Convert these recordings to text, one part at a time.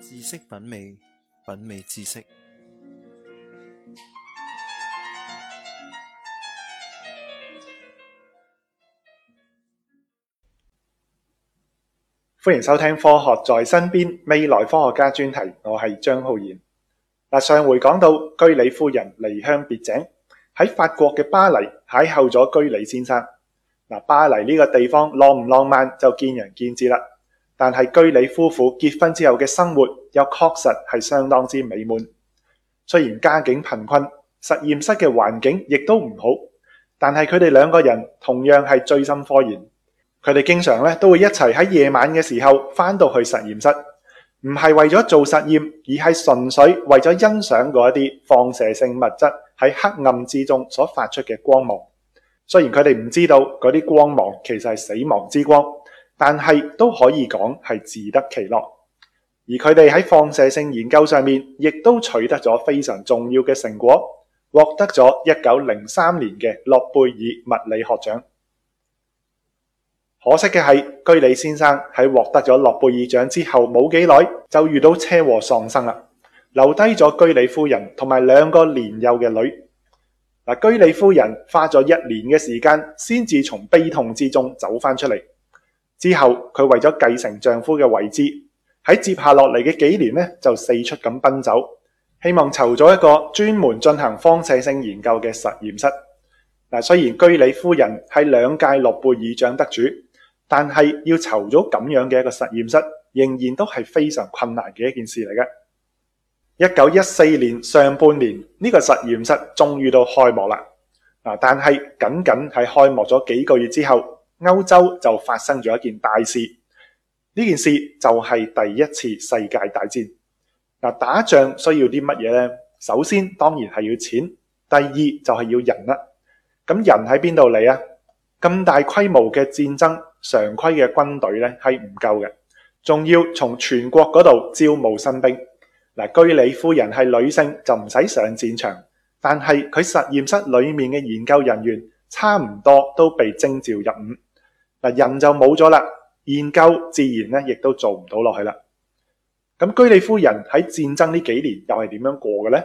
知識品味，品味知識。歡迎收聽《科學在身邊》未來科學家專題，我係張浩然。嗱，上回講到居里夫人離鄉別井，喺法國嘅巴黎邂逅咗居里先生。嗱，巴黎呢個地方浪唔浪漫，就見仁見智啦。但係居里夫婦結婚之後嘅生活又確實係相當之美滿。雖然家境貧困，實驗室嘅環境亦都唔好，但係佢哋兩個人同樣係醉心科研。佢哋經常咧都會一齊喺夜晚嘅時候翻到去實驗室，唔係爲咗做實驗，而係純粹爲咗欣賞嗰啲放射性物質喺黑暗之中所發出嘅光芒。雖然佢哋唔知道嗰啲光芒其實係死亡之光。但係都可以講係自得其樂，而佢哋喺放射性研究上面亦都取得咗非常重要嘅成果，獲得咗一九零三年嘅諾貝爾物理學獎。可惜嘅係，居里先生喺獲得咗諾貝爾獎之後冇幾耐就遇到車禍喪生啦，留低咗居里夫人同埋兩個年幼嘅女。居里夫人花咗一年嘅時間先至從悲痛之中走翻出嚟。之後，佢為咗繼承丈夫嘅位置，喺接下落嚟嘅幾年咧，就四出咁奔走，希望籌咗一個專門進行放射性研究嘅實驗室。嗱，雖然居里夫人係兩屆諾貝爾獎得主，但係要籌咗咁樣嘅一個實驗室，仍然都係非常困難嘅一件事嚟嘅。一九一四年上半年，呢個實驗室終於都開幕啦。嗱，但係僅僅係開幕咗幾個月之後。歐洲就發生咗一件大事，呢件事就係第一次世界大戰。嗱，打仗需要啲乜嘢呢？首先當然係要錢，第二就係要人啦。咁人喺邊度嚟啊？咁大規模嘅戰爭常規嘅軍隊呢係唔夠嘅，仲要從全國嗰度招募新兵。嗱，居里夫人係女性就唔使上戰場，但係佢實驗室裏面嘅研究人員差唔多都被徵召入伍。人就冇咗啦，研究自然咧，亦都做唔到落去啦。咁居里夫人喺戰爭呢幾年又係點樣過嘅呢？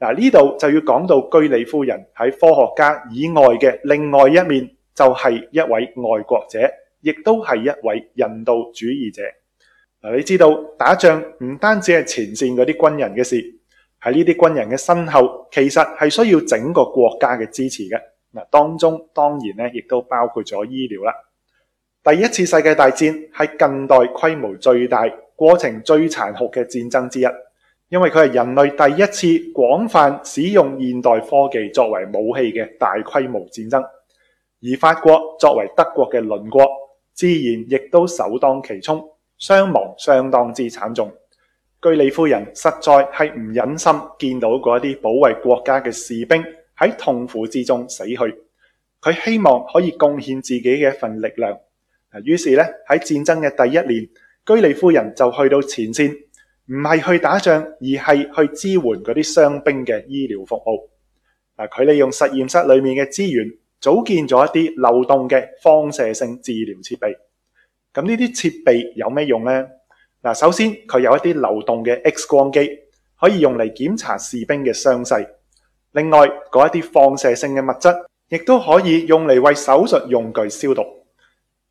嗱，呢度就要講到居里夫人喺科學家以外嘅另外一面，就係一位愛國者，亦都係一位人道主義者。嗱，你知道打仗唔單止係前線嗰啲軍人嘅事，喺呢啲軍人嘅身後，其實係需要整個國家嘅支持嘅。嗱，當中當然咧，亦都包括咗醫療啦。第一次世界大戰係近代規模最大、過程最殘酷嘅戰爭之一，因為佢係人類第一次廣泛使用現代科技作為武器嘅大規模戰爭，而法國作為德國嘅鄰國，自然亦都首當其衝，傷亡相當之慘重。居里夫人實在係唔忍心見到嗰啲保衛國家嘅士兵喺痛苦之中死去，佢希望可以貢獻自己嘅一份力量。於是咧，喺戰爭嘅第一年，居里夫人就去到前線，唔係去打仗，而係去支援嗰啲傷兵嘅醫療服務。嗱，佢利用實驗室裏面嘅資源，組建咗一啲流動嘅放射性治療設備。咁呢啲設備有咩用呢？嗱，首先佢有一啲流動嘅 X 光機，可以用嚟檢查士兵嘅傷勢。另外，嗰一啲放射性嘅物質，亦都可以用嚟為手術用具消毒。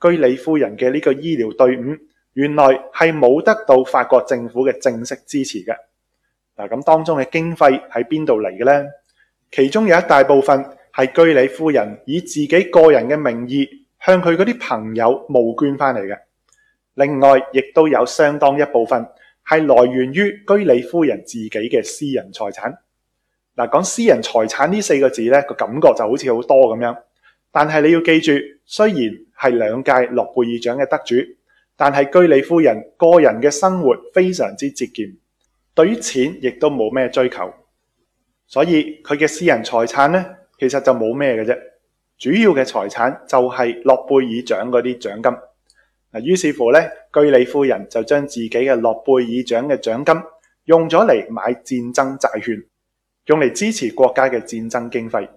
居里夫人嘅呢個醫療隊伍，原來係冇得到法國政府嘅正式支持嘅。嗱，咁當中嘅經費喺邊度嚟嘅呢？其中有一大部分係居里夫人以自己個人嘅名義向佢嗰啲朋友募捐翻嚟嘅。另外，亦都有相當一部分係來源於居里夫人自己嘅私人財產。嗱，講私人財產呢四個字呢，個感覺就好似好多咁樣。但係你要記住，雖然係兩屆諾貝爾獎嘅得主，但係居里夫人個人嘅生活非常之節儉，對於錢亦都冇咩追求，所以佢嘅私人財產呢，其實就冇咩嘅啫。主要嘅財產就係諾貝爾獎嗰啲獎金。嗱，於是乎呢，居里夫人就將自己嘅諾貝爾獎嘅獎金用咗嚟買戰爭債券，用嚟支持國家嘅戰爭經費。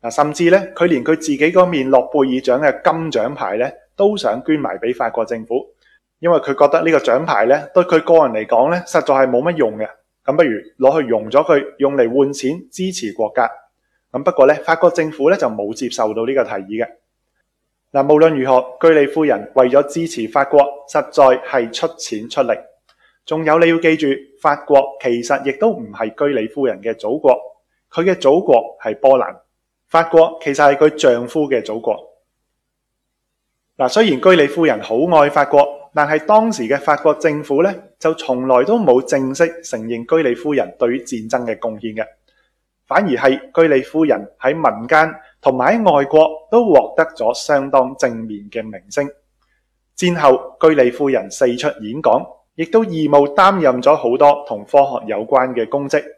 嗱，甚至咧，佢連佢自己個面諾貝爾獎嘅金獎牌咧，都想捐埋俾法國政府，因為佢覺得呢個獎牌咧，對佢個人嚟講咧，實在係冇乜用嘅。咁不如攞去融咗佢，用嚟換錢支持國家。咁不過咧，法國政府咧就冇接受到呢個提議嘅。嗱，無論如何，居里夫人為咗支持法國，實在係出錢出力。仲有你要記住，法國其實亦都唔係居里夫人嘅祖國，佢嘅祖國係波蘭。法國其實係佢丈夫嘅祖國。嗱，雖然居里夫人好愛法國，但係當時嘅法國政府呢就從來都冇正式承認居里夫人對於戰爭嘅貢獻嘅，反而係居里夫人喺民間同埋喺外國都獲得咗相當正面嘅名聲。戰後，居里夫人四出演講，亦都義務擔任咗好多同科學有關嘅公職。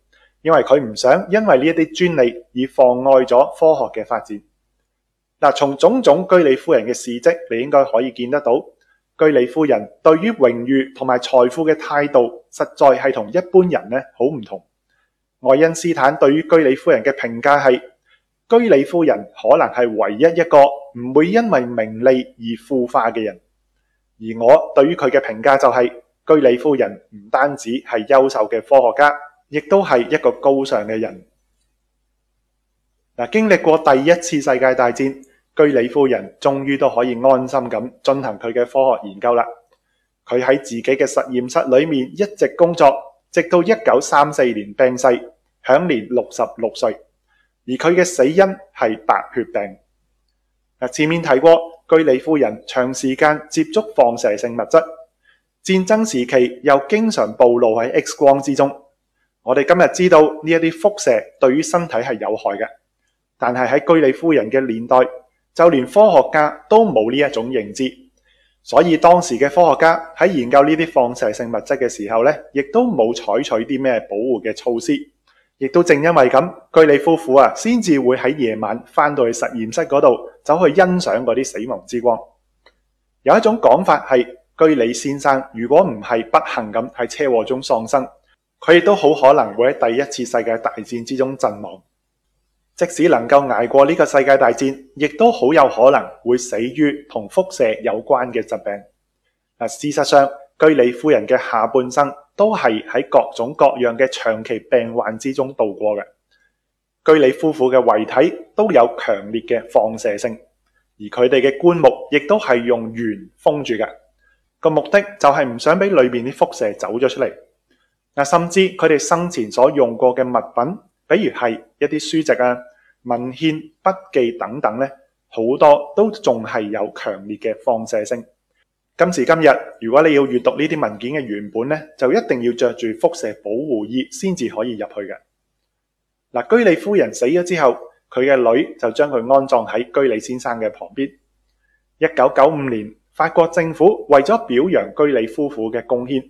因為佢唔想因為呢一啲專利而妨礙咗科學嘅發展。嗱，從種種居里夫人嘅事蹟，你應該可以見得到居里夫人對於榮譽同埋財富嘅態度，實在係同一般人呢好唔同。愛因斯坦對於居里夫人嘅評價係：居里夫人可能係唯一一個唔會因為名利而腐化嘅人。而我對於佢嘅評價就係：居里夫人唔單止係優秀嘅科學家。亦都係一個高尚嘅人。嗱，經歷過第一次世界大戰，居里夫人終於都可以安心咁進行佢嘅科學研究啦。佢喺自己嘅實驗室裏面一直工作，直到一九三四年病逝，享年六十六歲。而佢嘅死因係白血病。前面提過，居里夫人長時間接觸放射性物質，戰爭時期又經常暴露喺 X 光之中。我哋今日知道呢一啲輻射對於身體係有害嘅，但係喺居里夫人嘅年代，就連科學家都冇呢一種認知，所以當時嘅科學家喺研究呢啲放射性物質嘅時候咧，亦都冇採取啲咩保護嘅措施。亦都正因為咁，居里夫婦啊，先至會喺夜晚返到去實驗室嗰度，走去欣賞嗰啲死亡之光。有一種講法係居里先生，如果唔係不幸咁喺車禍中喪生，佢亦都好可能會喺第一次世界大戰之中陣亡，即使能夠捱過呢個世界大戰，亦都好有可能會死於同輻射有關嘅疾病。事實上，居里夫人嘅下半生都係喺各種各樣嘅長期病患之中度過嘅。居里夫婦嘅遺體都有強烈嘅放射性，而佢哋嘅棺木亦都係用鉛封住嘅，個目的就係唔想俾裏面啲輻射走咗出嚟。嗱，甚至佢哋生前所用過嘅物品，比如係一啲書籍啊、文獻、筆記等等咧，好多都仲係有強烈嘅放射性。今時今日，如果你要閱讀呢啲文件嘅原本咧，就一定要着住輻射保護衣先至可以入去嘅。居里夫人死咗之後，佢嘅女就將佢安葬喺居里先生嘅旁邊。一九九五年，法國政府為咗表揚居里夫婦嘅貢獻，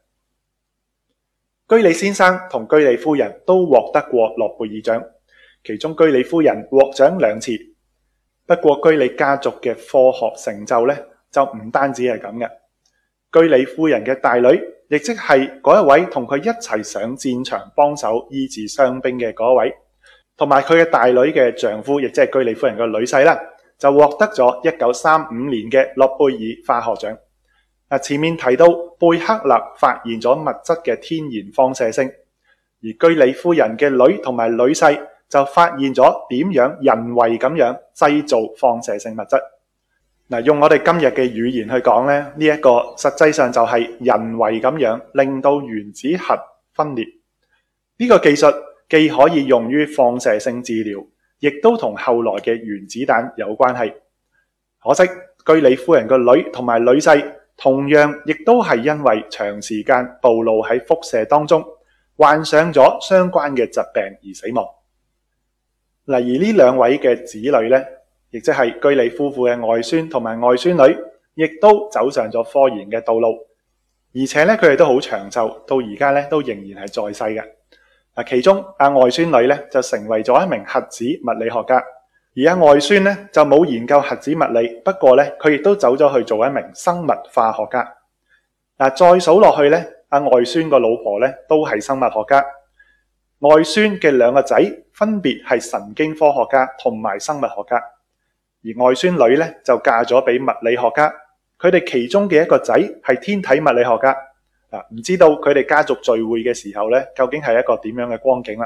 居里先生同居里夫人都獲得過諾貝爾獎，其中居里夫人獲獎兩次。不過居里家族嘅科學成就咧，就唔單止係咁嘅。居里夫人嘅大女，亦即係嗰一位同佢一齊上戰場幫手醫治傷兵嘅嗰位，同埋佢嘅大女嘅丈夫，亦即係居里夫人嘅女婿啦，就獲得咗一九三五年嘅諾貝爾化學獎。嗱，前面提到貝克勒發現咗物質嘅天然放射性，而居里夫人嘅女同埋女婿就發現咗點樣人為咁樣製造放射性物質。嗱，用我哋今日嘅語言去講咧，呢一個實際上就係人為咁樣令到原子核分裂。呢個技術既可以用於放射性治療，亦都同後來嘅原子彈有關係。可惜居里夫人嘅女同埋女婿，同樣亦都係因為長時間暴露喺輻射當中，患上咗相關嘅疾病而死亡。嗱，而呢兩位嘅子女呢，亦即係居里夫婦嘅外孫同埋外孫女，亦都走上咗科研嘅道路，而且呢，佢哋都好長壽，到而家呢都仍然係在世嘅。嗱，其中阿外孫女呢，就成為咗一名核子物理學家。而阿外孫咧就冇研究核子物理，不過咧佢亦都走咗去做一名生物化學家。嗱，再數落去咧，阿外孫個老婆咧都係生物學家，外孫嘅兩個仔分別係神經科學家同埋生物學家，而外孫女咧就嫁咗俾物理學家。佢哋其中嘅一個仔係天體物理學家。唔知道佢哋家族聚會嘅時候咧，究竟係一個點樣嘅光景啦？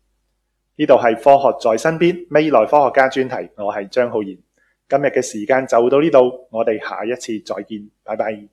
呢度係科學在身邊未來科學家專題，我係張浩然。今日嘅時間就到呢度，我哋下一次再見，拜拜。